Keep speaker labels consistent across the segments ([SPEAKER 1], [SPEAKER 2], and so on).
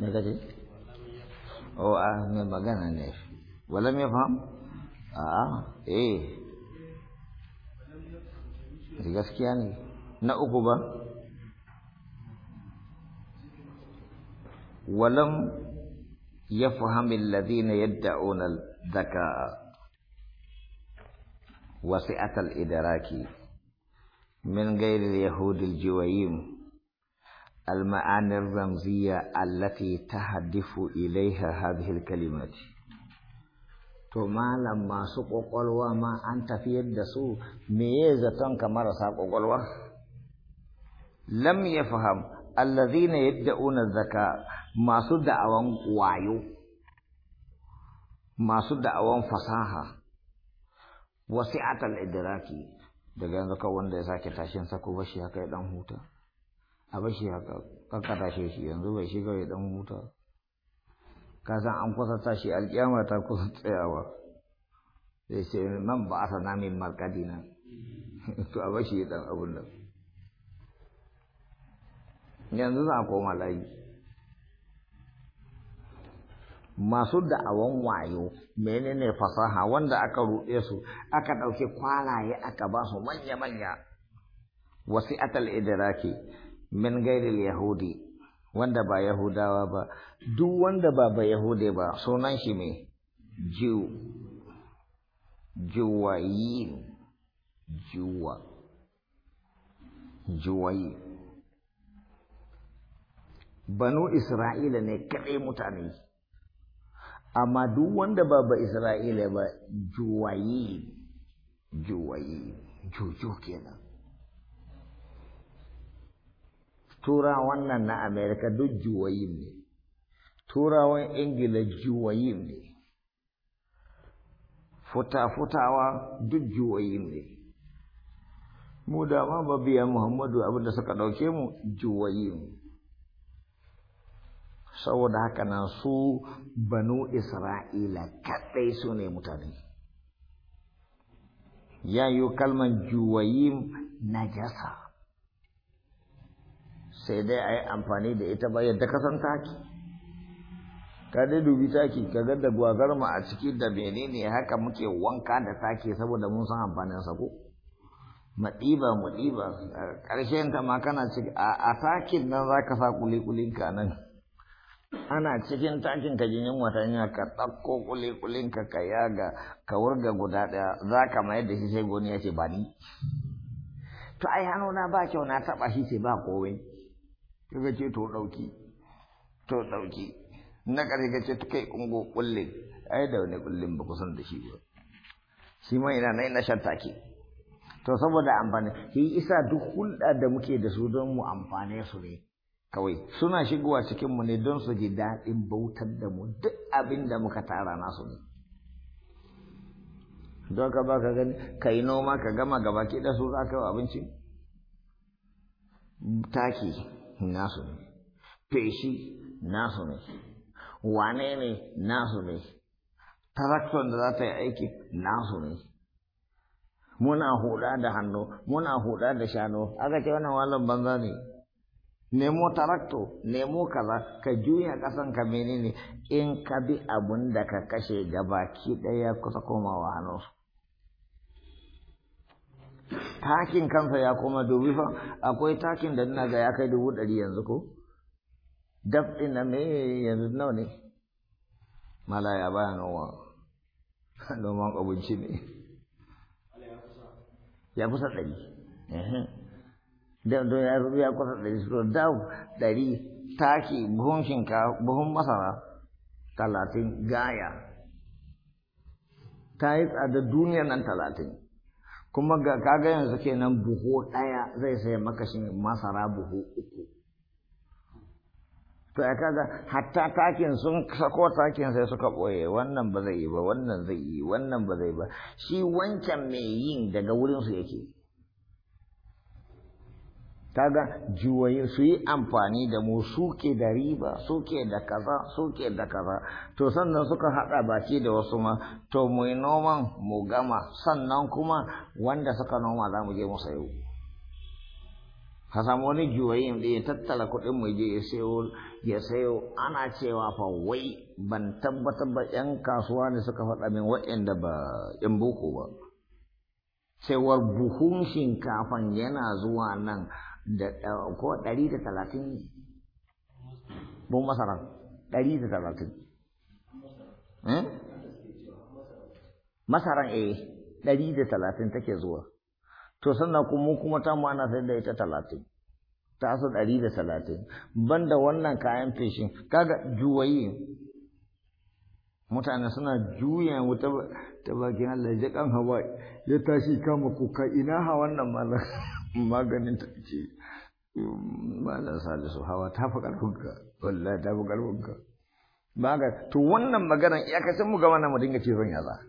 [SPEAKER 1] me kace o a ne wala me faham a eh gaskiya ne na uku ba ولم يفهم الذين يدعون الذكاء وسعة الإدراك من غير اليهود الجوايم المعاني الرمزية التي تهدف إليها هذه الكلمات تما لما سوق قلوة ما أنت في يد الدسو ميزة كما رساق قلوة لم يفهم الذين يبدأون الذكاء ما سد أوان وعيو ما سد أوان فصاحة وسعة الإدراكي daga yanzu kawai wanda ya sake tashin sako ba shi haka ya dan huta a ba shi haka kanka tashe shi yanzu bai shiga ya dan huta ka san an kusa tashi alƙiyama ta kusa tsayawa sai ce nan ba a sana min markadina to a ba shi ya dan abun nan yanzu za a koma layi masu da'awan wayo menene fasaha wanda aka ruɗe su aka ɗauki kwalaye aka ba su manya-manya wasi atal idraki min gairil yahudi wanda ba yahudawa ba duk wanda ba ba yahude ba sunan shi mai jiw juwayin juwa juwayi banu isra'ila ne kaɗai mutane amma duk wanda ba ba isra'ila ba juwayi juwayi juju kenan tura wannan na amerika duk juwayi ne turawan ingila juwayi ne futa-futawa duk juwayi ne mu da ma babiya muhammadu abinda suka ɗauke mu juwayi ne saboda haka nan su banu isra'ila kaɗai su ne mutane ya yi kalman na najasa sai dai a yi amfani da ita ba yadda kasan taki ka dai dubi taki ka gada da ma a ciki da ne haka muke wanka da taki saboda mun san amfanin sako. ko maɗiba ƙarshen ta ma kana ciki a takin nan za ka sa kuli-kulinka nan ana cikin takin ka jinin watanya ka ɗauko kule-kulen ka ka yaga ka wurga guda ɗaya za ka mayar da shi sai goni ya ce ba ni to ai na ba kyau na taɓa shi sai ba kowai ta ga ce to ɗauki to ɗauki na ƙarfi ka ce kai ungo kullin ai da wani kullin ba kusan da shi ba shi ma ina na ina shan take to saboda amfani shi isa duk hulɗa da muke da su don mu amfane su ne kawai suna shigowa cikinmu ne don su ji daɗin bautar da mu duk abin da muka tara nasu ne don ka ba ka gani ka yi noma ka gama gaba ki da su za ka yi abinci taki nasu ne feshi nasu ne wane ne nasu ne tarakton da za ta yi aiki nasu ne muna huda da hannu muna huda da shanu aka ce wannan walan banza ne nemo tarakto nemo kaza ka juya kasan ka menene in ka bi abun da ka kashe ki daya kusa komawa hannu takin kansa ya koma dubi fa akwai takin da ina ga ya kai dubu ɗari yanzu ko dab ina me yanzu nawa ne malaya baya nawa noman abinci ne ya kusa ɗari don don ya rubu ya kwasa ɗari su dau ɗari taki buhun shinkafa buhun masara talatin gaya ta yi tsada duniyar nan talatin kuma ga kaga yanzu kenan buhu ɗaya zai sai maka shi masara buhu uku to ya kaga hatta takin sun sako takin sai suka ɓoye wannan ba zai yi ba wannan zai yi wannan ba zai ba shi wancan mai yin daga wurinsu yake kaga juwaye su yi amfani da mu suke da riba suke da kaza suke da kaza to sannan suka haɗa baki da wasu ma to mu yi noman mu gama sannan kuma wanda suka noma za mu je mu sayo ka samu wani juwayin da ya tattala kuɗin mu je ya sayo ana cewa fa wai ban tabbatar ba yan kasuwa ne suka faɗa min waɗanda ba yan boko ba cewar buhun shinkafan yana zuwa nan da eh, ko ɗari da talatin masara ɗari da talatin hmm? masaran eh ɗari da talatin take zuwa to sannan kuma kuma ta mu ana sai da ita talatin ta su ɗari da talatin banda wannan kayan feshin kaga juwayi mutane suna juya wuta ta bakin Allah ya kan hawa ya tashi kama kuka ina ha wannan maganin ta ce malam salisu hawa ta fi ƙarfinka wallahi ta fi ƙarfinka ba ga to wannan maganan iyakacin mu ga wannan mu dinga cizon yaza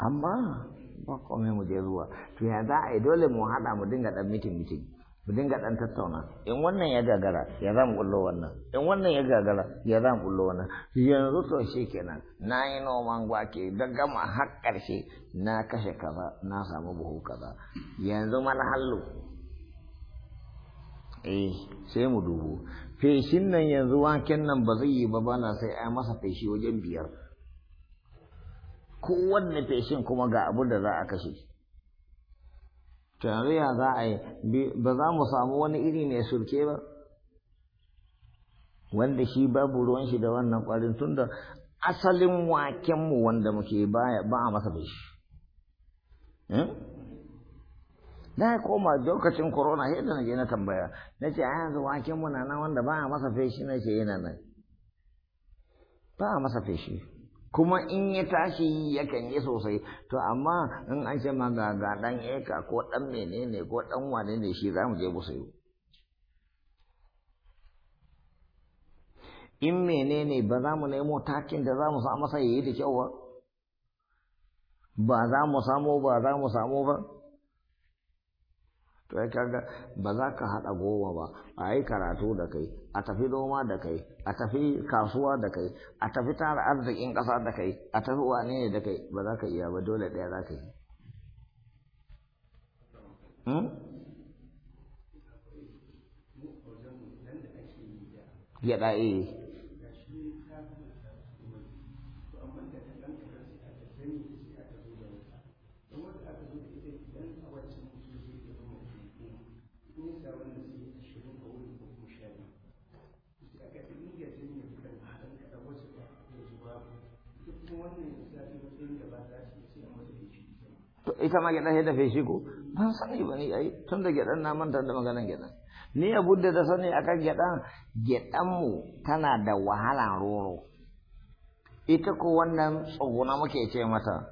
[SPEAKER 1] amma ba kome mu je zuwa to ya za a yi dole mu haɗa mu dinga ɗan mitin mitin mu dinga ɗan tattauna in wannan ya gagara ya za mu ɓullo wannan in wannan ya gagara ya za mu ɓullo wannan yanzu to shi kenan na yi noman gwake da gama har ƙarshe na kashe kaza na samu buhu kaza yanzu mana hallu eh sai mu dubo feshin nan yanzu waken nan ba zai yi ba bana sai ai masa feshi wajen biyar kowanne feshin kuma ga abu da za a kashe tarayya za a yi ba za mu samu wani iri mai surke ba wanda shi babu ruwan shi da wannan kwarin da asalin wakenmu wanda muke ba a masa feshi eh? na koma lokacin corona yadda na je na tambaya na ce a yanzu waken muna na nan wanda ba a masa feshi na ce yana nan ba a masa feshi kuma in ya tashi yakan yi sosai to amma in an ce ma ga ga dan eka ko dan menene ko dan wane ne shi zamu je sayo. in menene ba za mu nemo takin da za mu sa masa yayi da kyau ba ba za mu samu ba za mu samu ba to ya kaga ba za ka haɗa goma ba a yi karatu da kai a tafi noma da kai a tafi kasuwa da kai a tafi tara arzikin ƙasa da kai a tafi wane ne da kai ba za ka iya ba dole ɗaya za ka yi hmm? eh. ita ma gyaɗa sai da shi ko ban sani ba ni ai tun da gyaɗan na manta da maganan gyaɗan ni abu da sani akan gyaɗan gyaɗan mu tana da wahala roro ita ko wannan tsoguna muke ce mata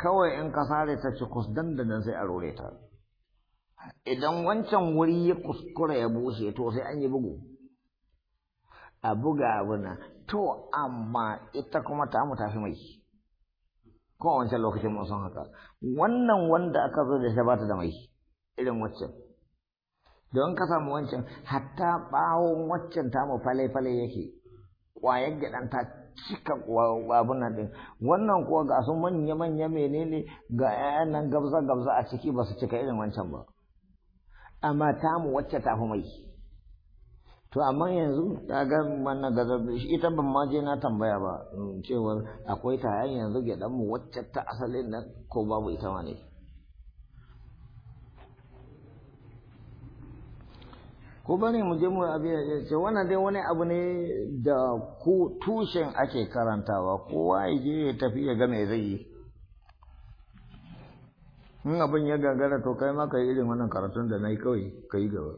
[SPEAKER 1] kawai in ka sare ta ci kusdan da nan sai a rore ta idan wancan wuri ya kuskura ya bushe to sai an yi bugu a buga abuna to amma ita kuma ta mu tafi mai ko a wancan lokacin mun san haka wannan wanda aka zo da shi da mai irin waccan don ka samu wancan hatta bawon waccan ta mu fale-fale yake ƙwayar gidan ta cika babu nan ɗin wannan kuwa ga su manya-manya menene ga 'ya'yan nan gabza-gabza a ciki ba su cika irin wancan ba amma ta mu wacce ta fi mai to amma yanzu ta ga mana gaza ita ban ma je na tambaya ba mm, cewa akwai ta yanzu dan mu wacce ta asalin nan ko babu ita ma ne ko bane mu je mu abin ya ce wannan dai wani abu ne da ku tushen ake karantawa kowa ya je ya tafi ya ga me zai yi in abin ya gagara to kai ma ka yi irin wannan karatun da na yi kawai ka yi gaba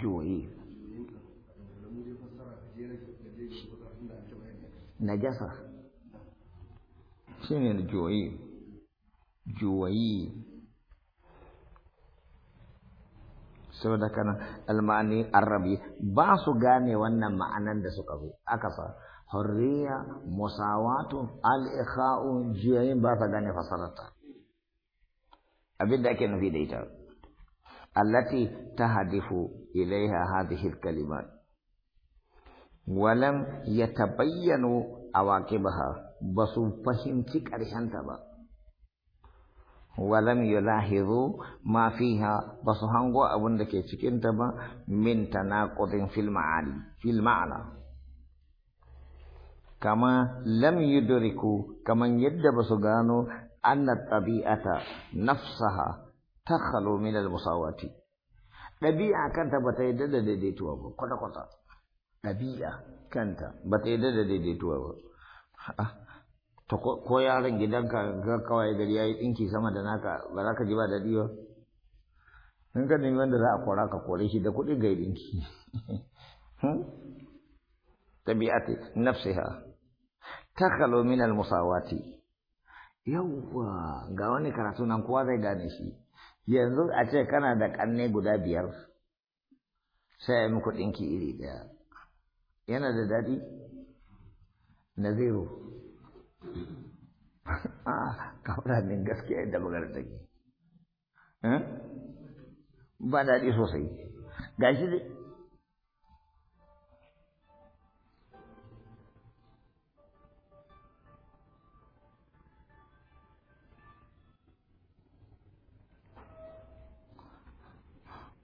[SPEAKER 1] جوعي نجسة شنو جوعي جوعي saboda kana almani arabi ba su gane wannan ma'anan da suka zo aka sa hurriya musawatu al-ikha'u juyayin ba ta gane fasararta abin da ake nufi da ita التي تهدف إليها هذه الكلمات ولم يتبين عواقبها بسو فهمت كرشان تبا ولم يلاحظوا ما فيها بسو هنغو أبن لكي تكين تبا من تناقض في المعاني في المعنى كما لم يدركوا كما يدبسوا بسو أن الطبيعة نفسها Ta min al-musawati dabi'a kanta bata yadda da daidaituwa ba kwata kwata dabi'a kanta bata yadda da daidaituwa ba to ko yaron gidanka ga kawai gari yayi dinki sama da naka ba za ka ji ba dadi ba in ka nemi wanda za a kora ka kore shi da kuɗi ga dinki tabi'ati nafsiha takhalo min al-musawati yawwa ga wani karatu nan kowa zai gane shi yanzu a ce kana da ƙanne guda biyar sai ya muku ɗinki iri ɗaya yana da daɗi naziru a ah, kafara min gaskiya da bugar da ba daɗi sosai gashi dai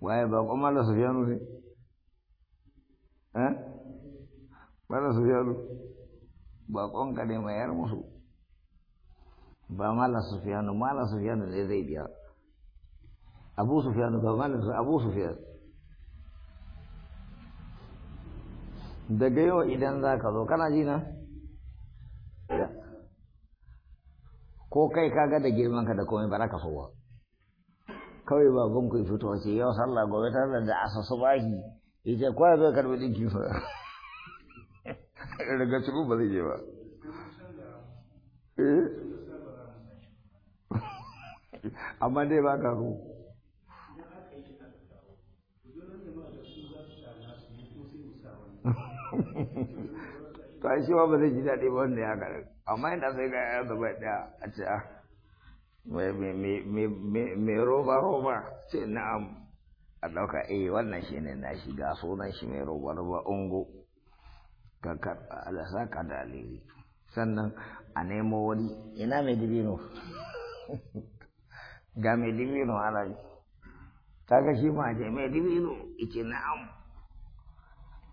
[SPEAKER 1] waye ba ko mala sufyanu ne eh mala sufyanu ba kon ka ne mayar musu ba mala sufyanu mala sufyanu ne zai biya abu sufyanu ba mala abu sufyanu daga yau idan za ka zo kana ji na ko kai kaga da girman ka da komai ba za ka so ba kawai baban ku fito ce yau sallah gobe tare da asa ya ce kwaya zai karbi din dinki fa daga cikin ba zai je ba eh? amma dai ba ka ku ta ai shi ba zai ji daɗi ba wanda ya karin amma inda sai ga ya zaba ɗaya a ce a ah, me roba roba na na'am a ɗauka eh wannan shi ne na shiga sunan shi mai roba roba ungo ka alasa ka da aliri sannan a nemo wani ina mai dibino ga mai dibino ana ga shi ma ce mai dibino ice na'am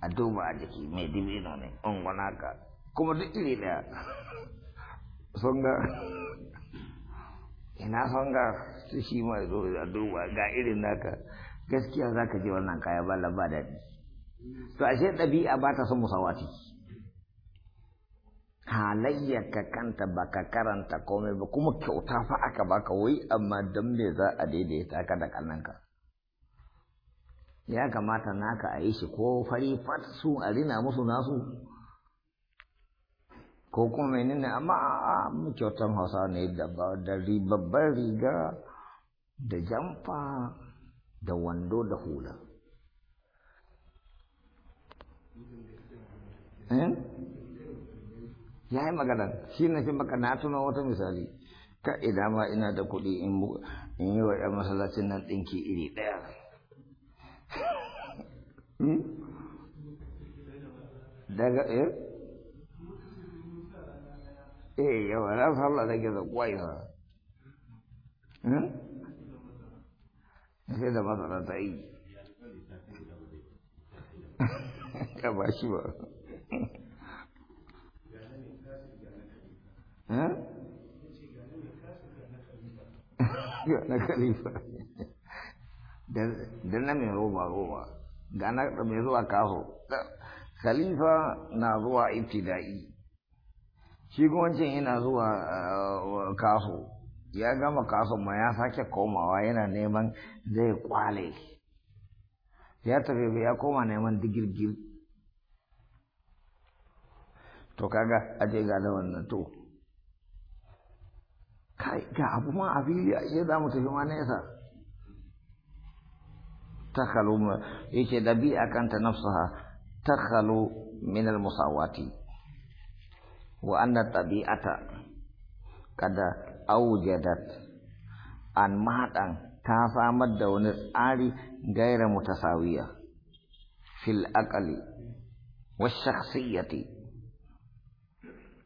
[SPEAKER 1] a duba a jiki mai dibino ne ungwana ka kuma duk iri ɗaya sun ga ina son ga su shi ma zo da duba ga irin naka gaskiya za ka je wannan kaya ba ba daɗi to ashe ɗabi'a ba ta son musawati ka kanta ba ka karanta komai ba kuma kyauta fa aka baka wai amma don me za a daidaita ka da ka ya kamata naka a yi shi ko fari fat su a rina musu nasu ko kuma menene amma a kyautan hausa ne da babban riga da jamfa da wando da hula eh? ya yi magana shi na fi maka na tuna wata misali ka idan ma ina da kuɗi in yi wa ɗan masallacin nan ɗinki iri ɗaya hmm? daga eh eh yawa na sallah da gizo kwaiwa eh? sai da masara ta yi ka ba ba eh? kalifa da na mai roba roba ga na mai zuwa kaho khalifa na zuwa ibtida'i shi wancan yana zuwa eh, kaso ya gama kaso ma ya sake komawa yana neman zai kwale ya tafi ya koma neman digirgir to kaga aje ga da wannan to kai ga abu ma a fili ashe za mu tafi ma nesa takhalu yake dabi'a kanta nafsaha ta min minar musawati وأن الطبيعة قد أوجدت أن مهدا تاسامد دون الآلي غير متساوية في الأقل والشخصية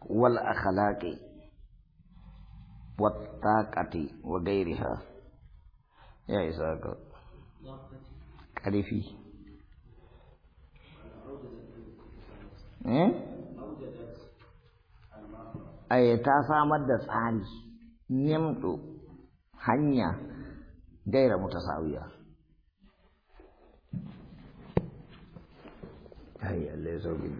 [SPEAKER 1] والأخلاق والطاقة وغيرها يا إساق كريفي إيه؟ Eh, ta samar da tsari nemto hanya gaira mutasawiya ai